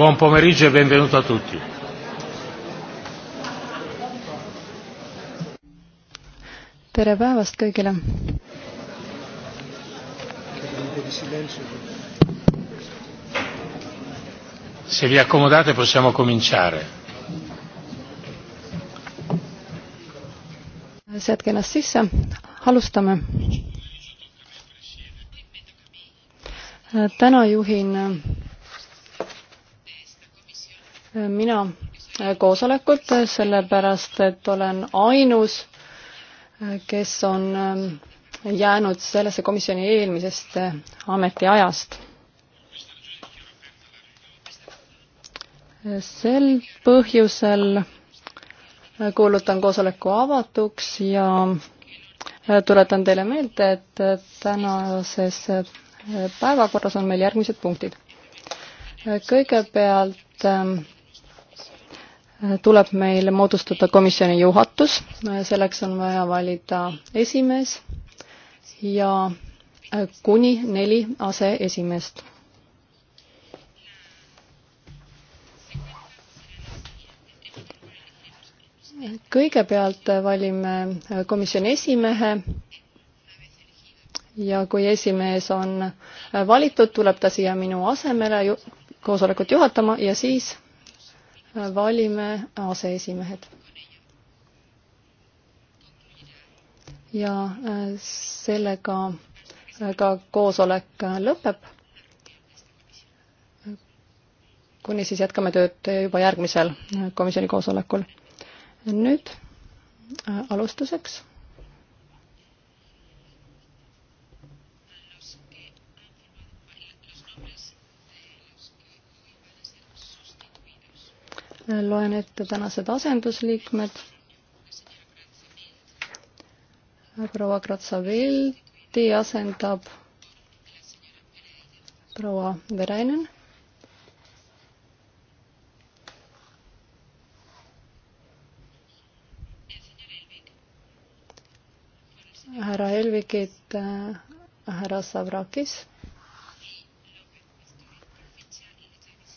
Buon pomeriggio e benvenuto a tutti. tere päevast kõigile. Se vi accomodate possiamo cominciare. seadke ennast sisse, alustame. täna juhin mina koosolekut, sellepärast et olen ainus, kes on ähm, jäänud sellesse komisjoni eelmisest äh, ametiajast. sel põhjusel äh, kuulutan koosoleku avatuks ja äh, tuletan teile meelde, et tänases päevakorras on meil järgmised punktid. kõigepealt ähm, tuleb meil moodustada komisjoni juhatus, selleks on vaja valida esimees ja kuni neli aseesimeest. kõigepealt valime komisjoni esimehe ja kui esimees on valitud, tuleb ta siia minu asemele koosolekut juhatama ja siis valime aseesimehed. ja äh, sellega äh, ka koosolek äh, lõpeb. kuni siis jätkame tööd juba järgmisel komisjoni koosolekul. nüüd alustuseks loen ette tänased asendusliikmed. proua Kratsa-Veldi asendab proua Veräinen. härra Helvikit äh, härra Savrakis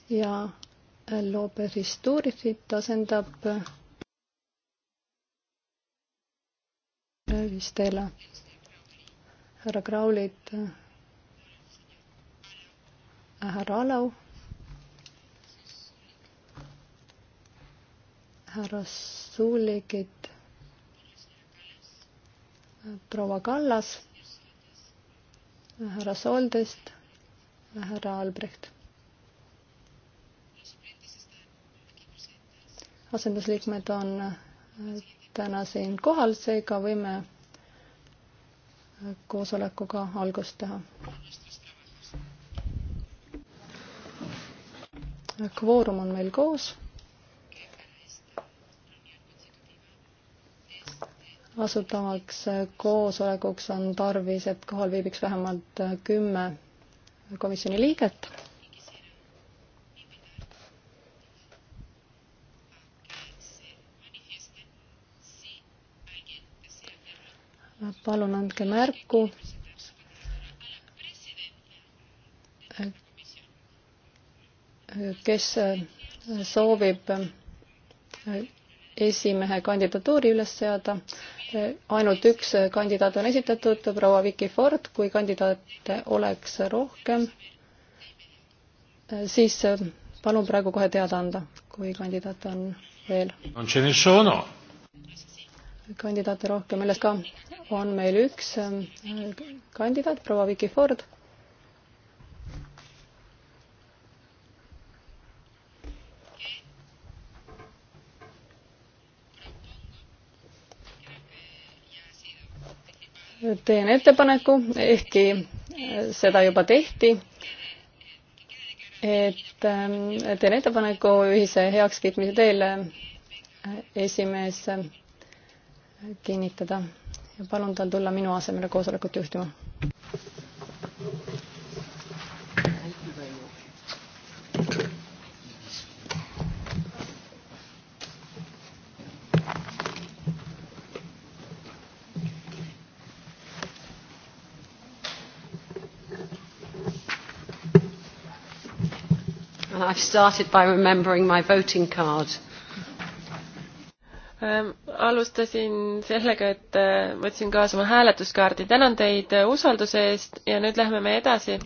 ja Lope Ristorisit asendab Vistela. härra Graulit, härra Alau, härra Suuligit, proua Kallas, härra Soldest, härra Albrecht asendusliikmed on äh, täna siin kohal, seega võime äh, koosolekuga algust teha. kvoorum on meil koos. asutavaks äh, koosolekuks on tarvis, et kohal viibiks vähemalt kümme komisjoni liiget. palun andke märku. kes soovib esimehe kandidatuuri üles seada. ainult üks kandidaat on esitatud, proua Vicky Ford, kui kandidaate oleks rohkem, siis palun praegu kohe teada anda, kui kandidaate on veel kandidaate rohkem, millest ka on meil üks ähm, kandidaat, proua Vicky Ford. teen ettepaneku, ehkki äh, seda juba tehti, et ähm, teen ettepaneku ühise heakskiitmise teele äh, esimees äh, kinnitada ja palun tal tulla minu asemele koosolekut juhtima. I've started by remembering my voting card. Um, alustasin sellega, et äh, võtsin kaasa oma hääletuskaardi. tänan teid äh, usalduse eest ja nüüd lähme me edasi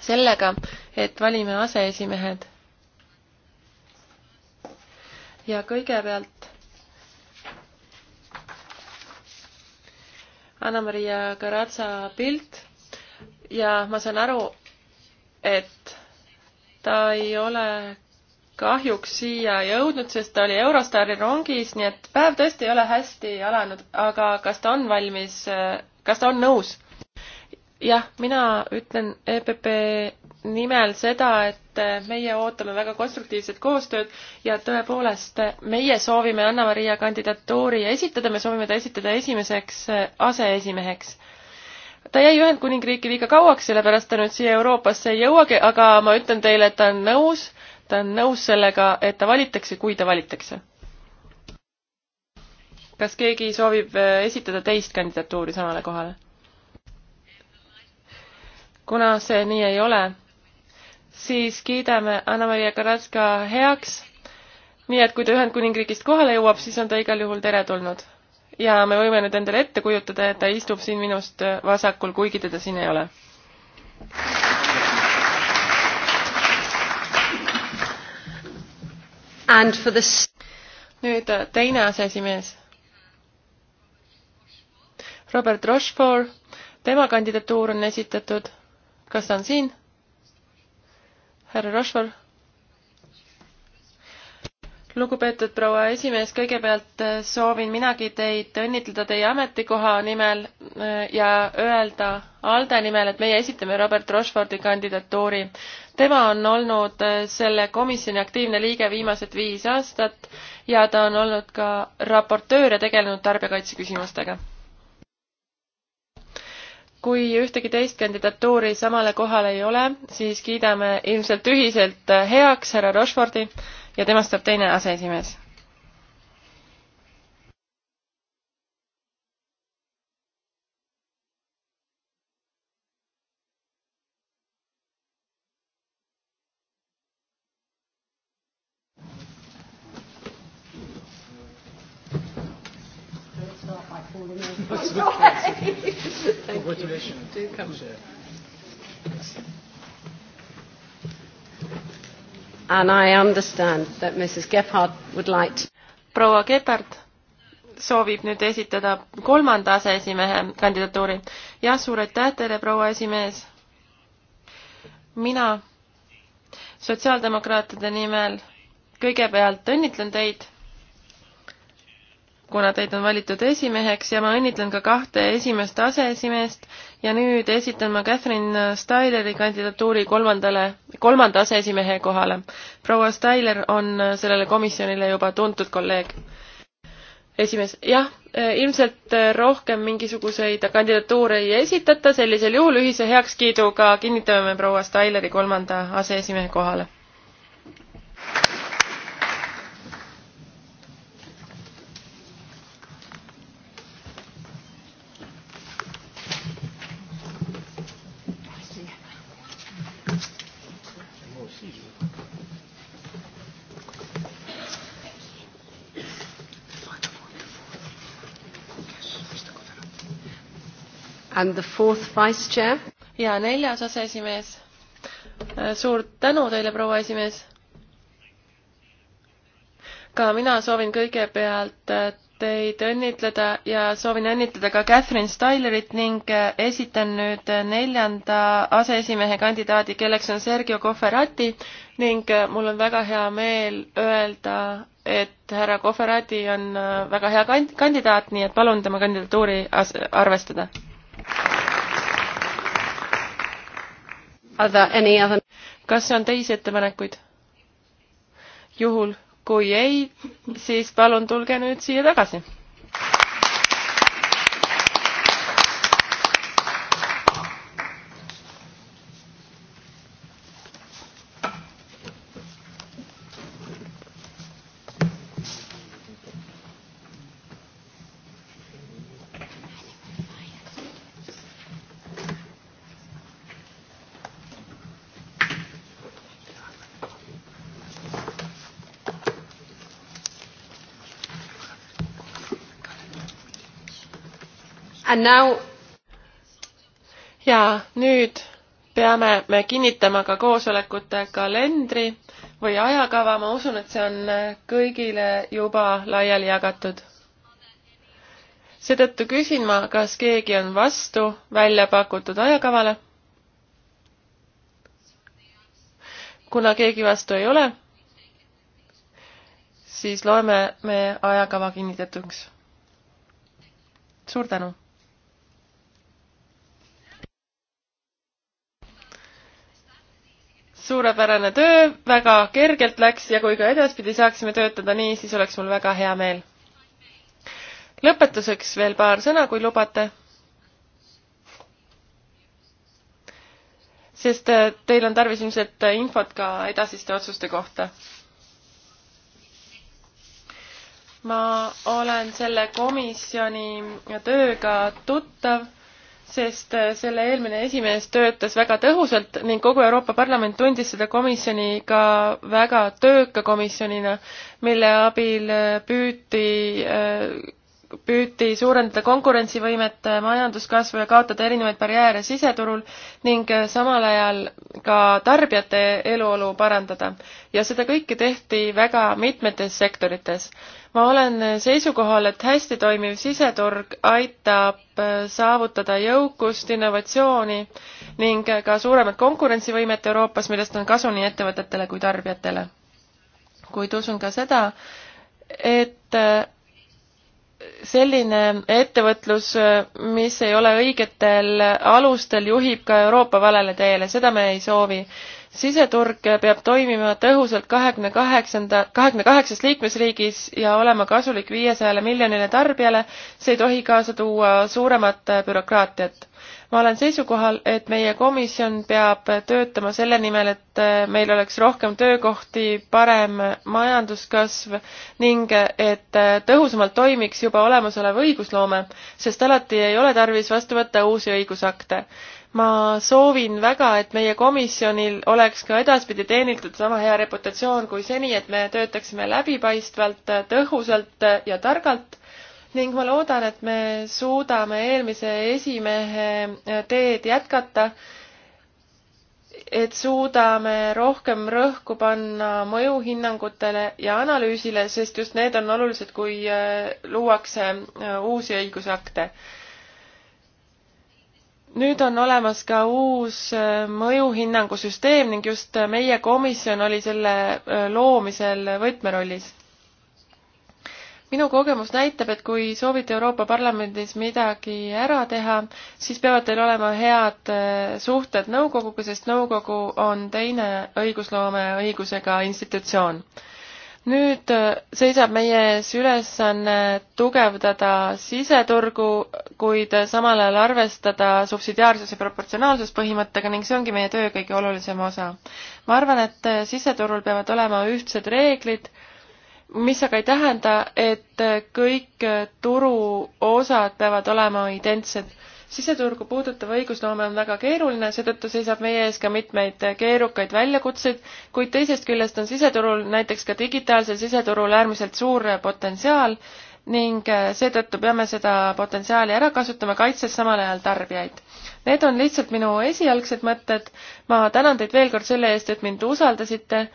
sellega, et valime aseesimehed. ja kõigepealt Anna-Maria Karatsa pilt ja ma saan aru, et ta ei ole kahjuks siia jõudnud, sest ta oli Eurostari rongis, nii et päev tõesti ei ole hästi alanud, aga kas ta on valmis, kas ta on nõus? jah, mina ütlen EPP nimel seda, et meie ootame väga konstruktiivset koostööd ja tõepoolest, meie soovime Anna-Maria kandidatuuri esitada, me soovime ta esitada esimeseks aseesimeheks ta jäi Ühendkuningriiki liiga kauaks, sellepärast ta nüüd siia Euroopasse ei jõuagi, aga ma ütlen teile, et ta on nõus, olen nõus sellega, et ta valitakse, kui ta valitakse. kas keegi soovib äh, esitada teist kandidatuuri samale kohale? kuna see nii ei ole, siis kiidame Anna-Maria Karatska heaks. nii et kui ta Ühendkuningriigist kohale jõuab, siis on ta igal juhul teretulnud. ja me võime nüüd endale ette kujutada, et ta istub siin minust vasakul, kuigi teda siin ei ole. and for the nüüd äh, teine aseesimees. Robert Rochefort, tema kandidatuur on esitatud. kas ta on siin? härra Rochefort? lugupeetud proua esimees, kõigepealt äh, soovin minagi teid õnnitleda teie ametikoha nimel äh, ja öelda ALDE nimel, et meie esitame Robert Rocheforti kandidatuuri. tema on olnud äh, selle komisjoni aktiivne liige viimased viis aastat ja ta on olnud ka raportöör ja tegelenud tarbijakaitse küsimustega kui ühtegi teist kandidatuuri samale kohale ei ole, siis kiidame ilmselt ühiselt heaks härra Rocheforti ja temast saab teine aseesimees. Congratulations. Do come. and I understand that Mrs Gebhardt would like to proua Gebhardt soovib nüüd esitada kolmanda aseesimehe kandidatuuri. jah, suur aitäh teile, proua esimees. mina sotsiaaldemokraatide nimel kõigepealt õnnitlen teid kuna teid on valitud esimeheks ja ma õnnitlen ka kahte esimest aseesimeest ja nüüd esitan ma Catherine Styleri kandidatuuri kolmandale, kolmanda aseesimehe kohale. proua Styler on sellele komisjonile juba tuntud kolleeg. esimees, jah, ilmselt rohkem mingisuguseid kandidatuure ei esitata, sellisel juhul ühise heakskiiduga kinnitame proua Styleri kolmanda aseesimehe kohale. and the fourth vice chair. ja neljas aseesimees. Äh, suur tänu teile, proua esimees. ka mina soovin kõigepealt äh, teid õnnitleda ja soovin õnnitleda ka Catherine Stylerit ning äh, esitan nüüd neljanda aseesimehe kandidaadi, kelleks on Sergio Cofferati ning mul on väga hea meel öelda, et härra Cofferati on väga hea kandidaat, nii et palun tema kandidatuuri arvestada Other... kas on teisi ettepanekuid? juhul kui ei, siis palun tulge nüüd siia tagasi Now... ja nüüd peame me kinnitama ka koosolekute kalendri või ajakava, ma usun, et see on kõigile juba laiali jagatud. seetõttu küsin ma, kas keegi on vastu välja pakutud ajakavale? kuna keegi vastu ei ole, siis loeme me ajakava kinnitatuks. suur tänu! suurepärane töö, väga kergelt läks ja kui ka edaspidi saaksime töötada nii, siis oleks mul väga hea meel. lõpetuseks veel paar sõna, kui lubate. sest äh, teil on tarvis ilmselt äh, infot ka edasiste otsuste kohta. ma olen selle komisjoni tööga tuttav sest äh, selle eelmine esimees töötas väga tõhusalt ning kogu Euroopa Parlament tundis seda komisjoni ka väga tööka komisjonina, mille abil äh, püüti äh, püüti suurendada konkurentsivõimet, äh, majanduskasvu ja kaotada erinevaid barjääre siseturul ning äh, samal ajal ka tarbijate eluolu parandada. ja seda kõike tehti väga mitmetes sektorites. ma olen äh, seisukohal, et hästi toimiv siseturg aitab saavutada jõukust, innovatsiooni ning ka suuremat konkurentsivõimet Euroopas, millest on kasu nii ettevõtetele kui tarbijatele. kuid usun ka seda, et selline ettevõtlus, mis ei ole õigetel alustel, juhib ka Euroopa valele teele, seda me ei soovi. siseturg peab toimima tõhusalt kahekümne kaheksanda, kahekümne kaheksas liikmesriigis ja olema kasulik viiesajale miljonile tarbijale, see ei tohi kaasa tuua suuremat bürokraatiat ma olen seisukohal, et meie komisjon peab töötama selle nimel, et äh, meil oleks rohkem töökohti, parem majanduskasv ning et äh, tõhusamalt toimiks juba olemasolev õigusloome, sest alati ei ole tarvis vastu võtta uusi õigusakte. ma soovin väga, et meie komisjonil oleks ka edaspidi teenitud sama hea reputatsioon kui seni, et me töötaksime läbipaistvalt, tõhusalt ja targalt ning ma loodan, et me suudame eelmise esimehe teed jätkata, et suudame rohkem rõhku panna mõjuhinnangutele ja analüüsile, sest just need on olulised, kui äh, luuakse äh, uusi õigusakte nüüd on olemas ka uus äh, mõjuhinnangusüsteem ning just meie komisjon oli selle loomisel võtmerollis minu kogemus näitab, et kui soovite Euroopa Parlamendis midagi ära teha, siis peavad teil olema head eh, suhted nõukoguga, sest nõukogu on teine õigusloome õigusega institutsioon. nüüd eh, seisab meie ees ülesanne tugevdada siseturgu, kuid samal ajal arvestada subsidiaarsuse proportsionaalsuspõhimõttega ning see ongi meie töö kõige olulisem osa. ma arvan, et eh, siseturul peavad olema ühtsed reeglid, mis aga ei tähenda, et kõik turuosad peavad olema identsed. siseturgu puudutav õigusloome on väga keeruline, seetõttu seisab meie ees ka mitmeid keerukaid väljakutseid, kuid teisest küljest on siseturul, näiteks ka digitaalsel siseturul äärmiselt suur potentsiaal ning seetõttu peame seda potentsiaali ära kasutama, kaitses samal ajal tarbijaid. Need on lihtsalt minu esialgsed mõtted, ma tänan teid veel kord selle eest, et mind usaldasite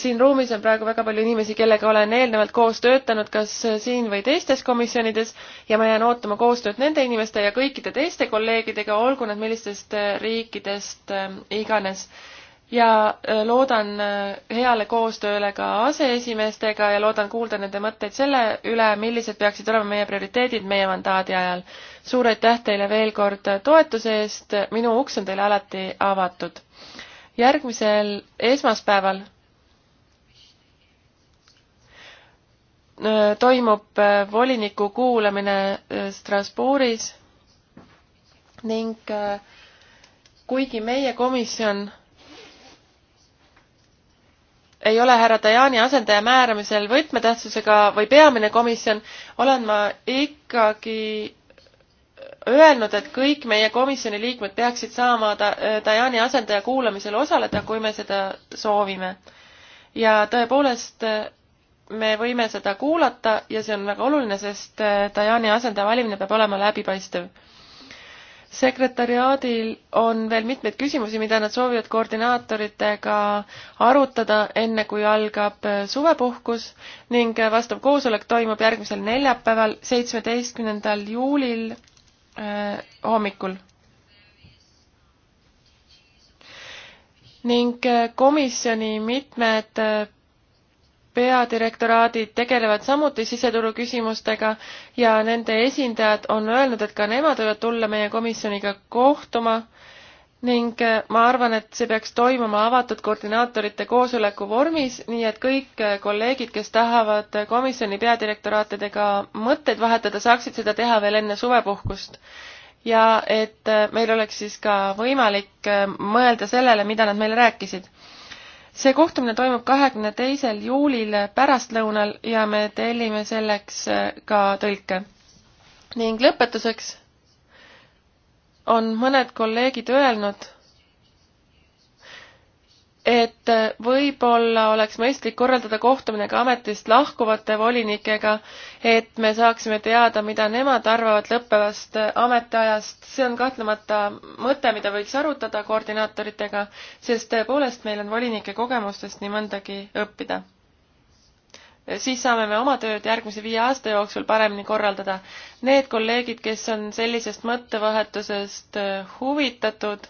siin ruumis on praegu väga palju inimesi, kellega olen eelnevalt koos töötanud, kas siin või teistes komisjonides ja ma jään ootama koostööd nende inimeste ja kõikide teiste kolleegidega, olgu nad millistest riikidest ähm, iganes. ja äh, loodan äh, heale koostööle ka aseesimeestega ja loodan kuulda nende mõtteid selle üle, millised peaksid olema meie prioriteedid meie mandaadi ajal. suur aitäh teile veel kord toetuse eest, minu uks on teile alati avatud järgmisel esmaspäeval Äh, toimub äh, voliniku kuulamine äh, Strasbourgis ning kuigi meie komisjon ei ole härra Tajani asendaja määramisel võtmetähtsusega või peamine komisjon, olen ma ikkagi öelnud, et kõik meie komisjoni liikmed peaksid saama Tajani asendaja kuulamisel osaleda, kui me seda soovime. ja tõepoolest me võime seda kuulata ja see on väga oluline, sest äh, Dajani asendaja valimine peab olema läbipaistev. sekretariaadil on veel mitmeid küsimusi, mida nad soovivad koordinaatoritega arutada, enne kui algab äh, suvepuhkus ning äh, vastav koosolek toimub järgmisel neljapäeval, seitsmeteistkümnendal juulil äh, hommikul ning komisjoni mitmed peadirektoraadid tegelevad samuti siseturu küsimustega ja nende esindajad on öelnud, et ka nemad võivad tulla meie komisjoniga kohtuma ning äh, ma arvan, et see peaks toimuma avatud koordinaatorite koosoleku vormis, nii et kõik äh, kolleegid, kes tahavad äh, komisjoni peadirektoraatidega mõtteid vahetada, saaksid seda teha veel enne suvepuhkust. ja et meil oleks siis ka võimalik mõelda sellele, mida nad meile rääkisid see kohtumine toimub kahekümne teisel juulil pärastlõunal ja me tellime selleks äh, ka tõlke. ning lõpetuseks on mõned kolleegid öelnud, et võib-olla oleks mõistlik korraldada kohtumine ka ametist lahkuvate volinikega, et me saaksime teada, mida nemad arvavad lõppevast ametiajast. see on kahtlemata mõte, mida võiks arutada koordinaatoritega, sest tõepoolest meil on volinike kogemustest nii mõndagi õppida. siis saame me oma tööd järgmise viie aasta jooksul paremini korraldada. Need kolleegid, kes on sellisest mõttevahetusest huvitatud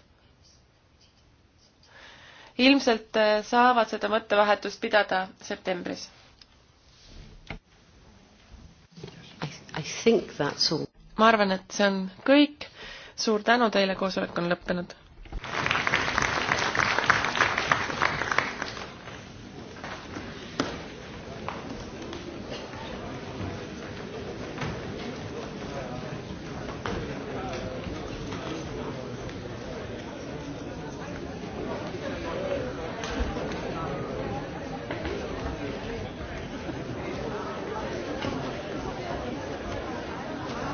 ilmselt äh, saavad seda mõttevahetust pidada septembris. ma arvan, et see on kõik. suur tänu teile, koosolek on lõppenud.